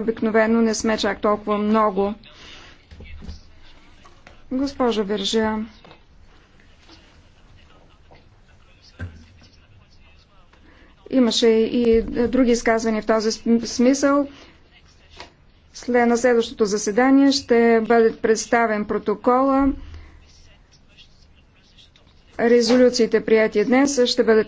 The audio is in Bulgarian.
обикновено не сме чак толкова много. Госпожо Вержия, имаше и други изказвания в този смисъл. След на следващото заседание ще бъде представен протокола. Резолюциите прияти днес ще бъдат